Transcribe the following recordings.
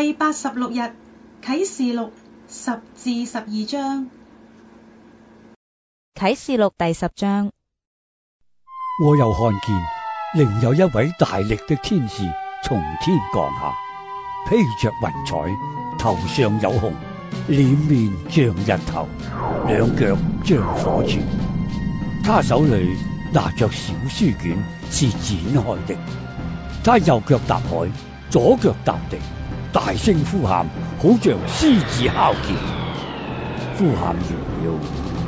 第八十六日啟示錄十至十二章，啟示錄第十章。我又看見，另有一位大力的天使從天降下，披着雲彩，頭上有紅，臉面像日頭，兩腳像火柱。他手裏拿着小書卷，是展開的。他右腳踏海，左腳踏地。大聲呼喊，好像獅子哮叫。呼喊完了，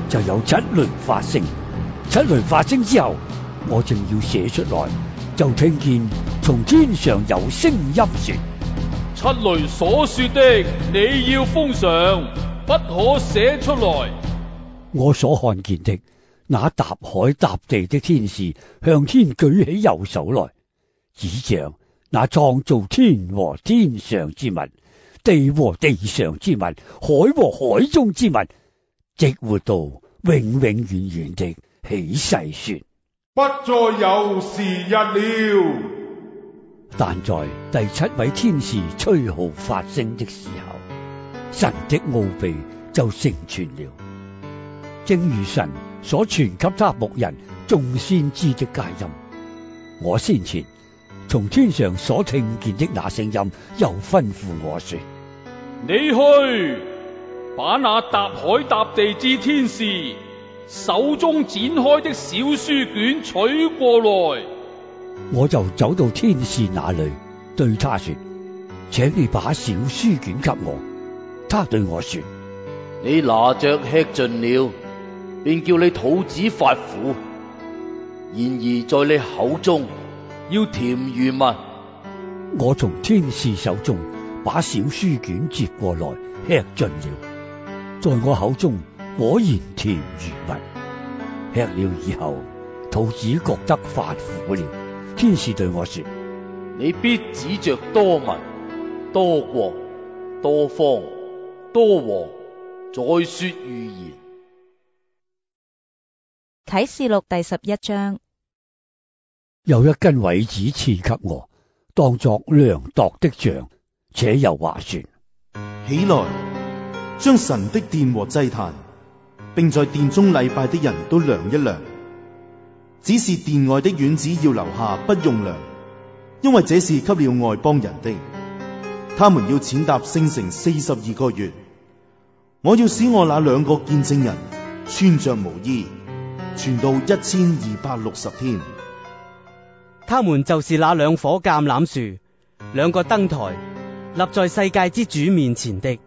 就有七雷發聲。七雷發聲之後，我正要寫出來，就聽見從天上有聲音說：七雷所說的，你要封上，不可寫出來。我所看見的，那踏海踏地的天使，向天舉起右手來，指着。那創造天和天上之物，地和地上之物，海和海中之物，直活到永永遠遠，遠的起誓說，不再有時日了。但在第七位天使吹號發聲的時候，神的奧秘就成全了，正如神所傳給他牧人眾先知的佳音。我先前。從天上所聽見的那聲音，又吩咐我說：你去把那踏海踏地之天使手中展開的小書卷取過來。我就走到天使那裏，對他說：請你把小書卷給我。他對我說：你拿着吃盡了，便叫你肚子發苦。然而在你口中。要甜如蜜。我從天使手中把小書卷接過來，吃盡了，在我口中果然甜如蜜。吃了以後，肚子覺得發苦了。天使對我說：你必指着多民、多國、多方、多王，再說預言。啟示錄第十一章。有一根葦子賜給我，當作量度的杖，且又話說。起來，將神的殿和祭壇，並在殿中禮拜的人都量一量。只是殿外的院子要留下不用量，因為這是給了外邦人的。他們要踐踏聖城四十二個月。我要使我那兩個見證人穿着毛衣，傳道一千二百六十天。他們就是那兩棵橄欖樹，兩個燈臺立在世界之主面前的。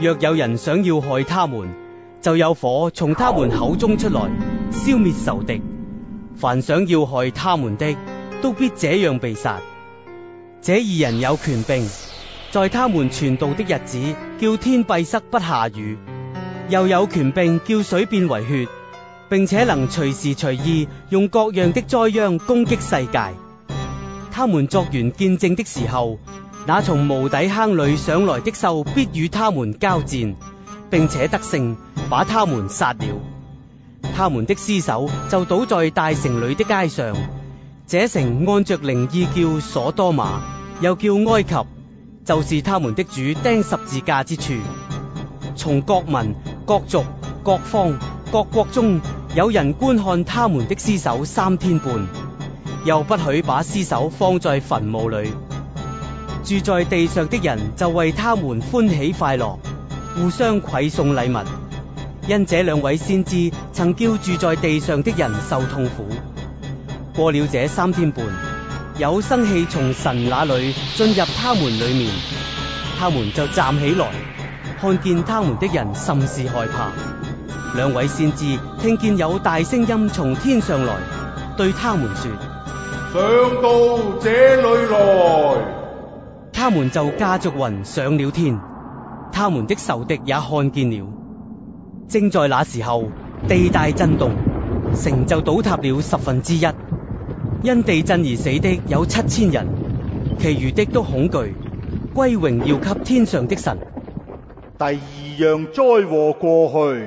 若有人想要害他們，就有火從他們口中出來，消滅仇敵。凡想要害他們的，都必這樣被殺。這二人有權柄，在他們傳道的日子，叫天閉塞不下雨，又有權柄叫水變為血。並且能隨時隨意用各樣的災殃攻擊世界。他們作完見證的時候，那從無底坑裏上來的獸必與他們交戰，並且得勝，把他們殺了。他們的屍首就倒在大城裏的街上。這城按着靈意叫所多瑪，又叫埃及，就是他們的主釘十字架之處。從各民、各族、各方、各國中。有人觀看他們的屍首三天半，又不許把屍首放在墳墓裏。住在地上的人就為他們歡喜快樂，互相饋送禮物。因這兩位先知曾叫住在地上的人受痛苦。過了這三天半，有生氣從神那裏進入他們裏面，他們就站起來，看見他們的人甚是害怕。兩位先知聽見有大聲音從天上來，對他們說：上到這裏來。他們就駕著雲上了天。他們的仇敵也看見了。正在那時候，地大震動，城就倒塌了十分之一。因地震而死的有七千人，其餘的都恐懼，歸榮耀給天上的神。第二樣災禍過去。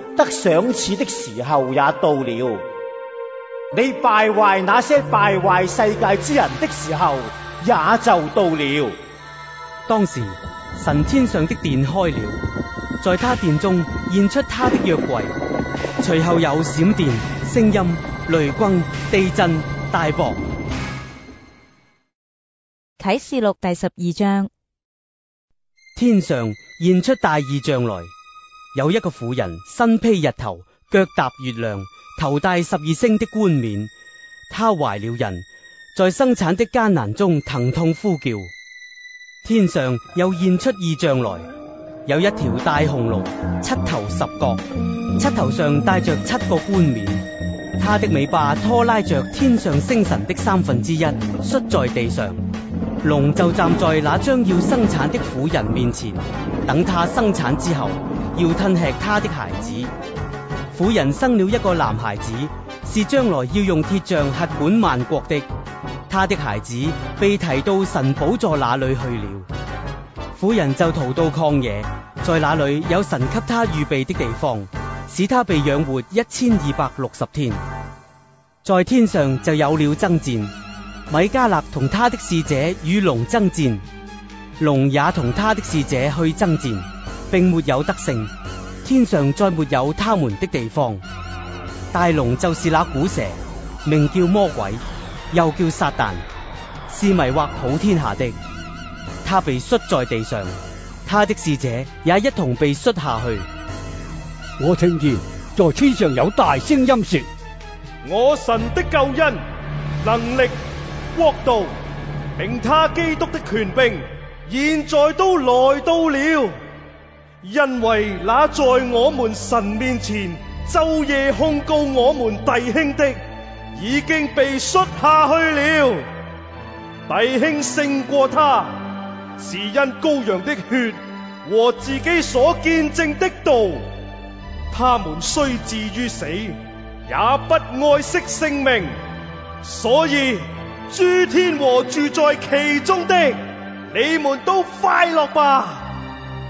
得賞賜的時候也到了，你敗壞那些敗壞世界之人的時候也就到了。當時，神天上的殿開了，在他殿中現出他的約櫃，隨後有閃電、聲音、雷轟、地震、大雹。啟示錄第十二章，天上現出大異象來。有一個婦人身披日頭，腳踏月亮，頭戴十二星的冠冕。她懷了孕，在生產的艱難中疼痛呼叫。天上又現出異象來，有一條大紅龍，七頭十角，七頭上戴着七個冠冕。他的尾巴拖拉着天上星辰的三分之一，摔在地上。龍就站在那將要生產的婦人面前，等她生產之後。要吞吃他的孩子，婦人生了一個男孩子，是將來要用鐵杖轄管萬國的。他的孩子被提到神寶座那裏去了，婦人就逃到曠野，在那裏有神給他預備的地方，使他被養活一千二百六十天。在天上就有了爭戰，米迦勒同他的使者與龍爭戰，龍也同他的使者去爭戰。並沒有得勝，天上再沒有他們的地方。大龍就是那古蛇，名叫魔鬼，又叫撒但，是迷惑普天下的。他被摔在地上，他的使者也一同被摔下去。我聽見在天上有大聲音說：我神的救恩能力國度，並他基督的權柄，現在都來到了。因為那在我們神面前晝夜控告我們弟兄的，已經被摔下去了。弟兄勝過他，是因羔羊的血和自己所見證的道。他們雖至於死，也不愛惜性命。所以，諸天和住在其中的，你們都快樂吧。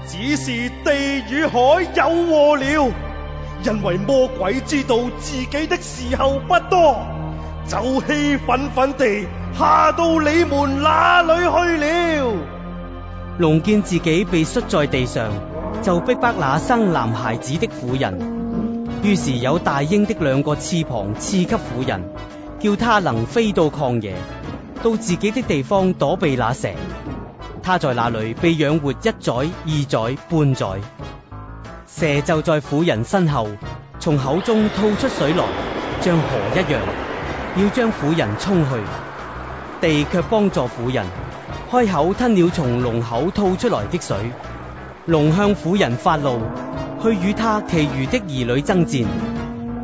只是地與海有禍了，因為魔鬼知道自己的時候不多，就氣憤憤地下到你們那裡去了。龍見自己被摔在地上，就逼迫那生男孩子的婦人，於是有大鷹的兩個翅膀賜給婦人，叫她能飛到曠野，到自己的地方躲避那蛇。他在那裡被養活一載、二載、半載。蛇就在婦人身後，從口中吐出水來，像河一樣，要將婦人沖去。地卻幫助婦人，開口吞了從龍口吐出來的水。龍向婦人發怒，去與他其餘的兒女爭戰。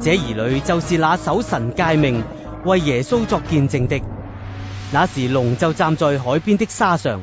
這兒女就是那守神誡命、為耶穌作見證的。那時，龍就站在海邊的沙上。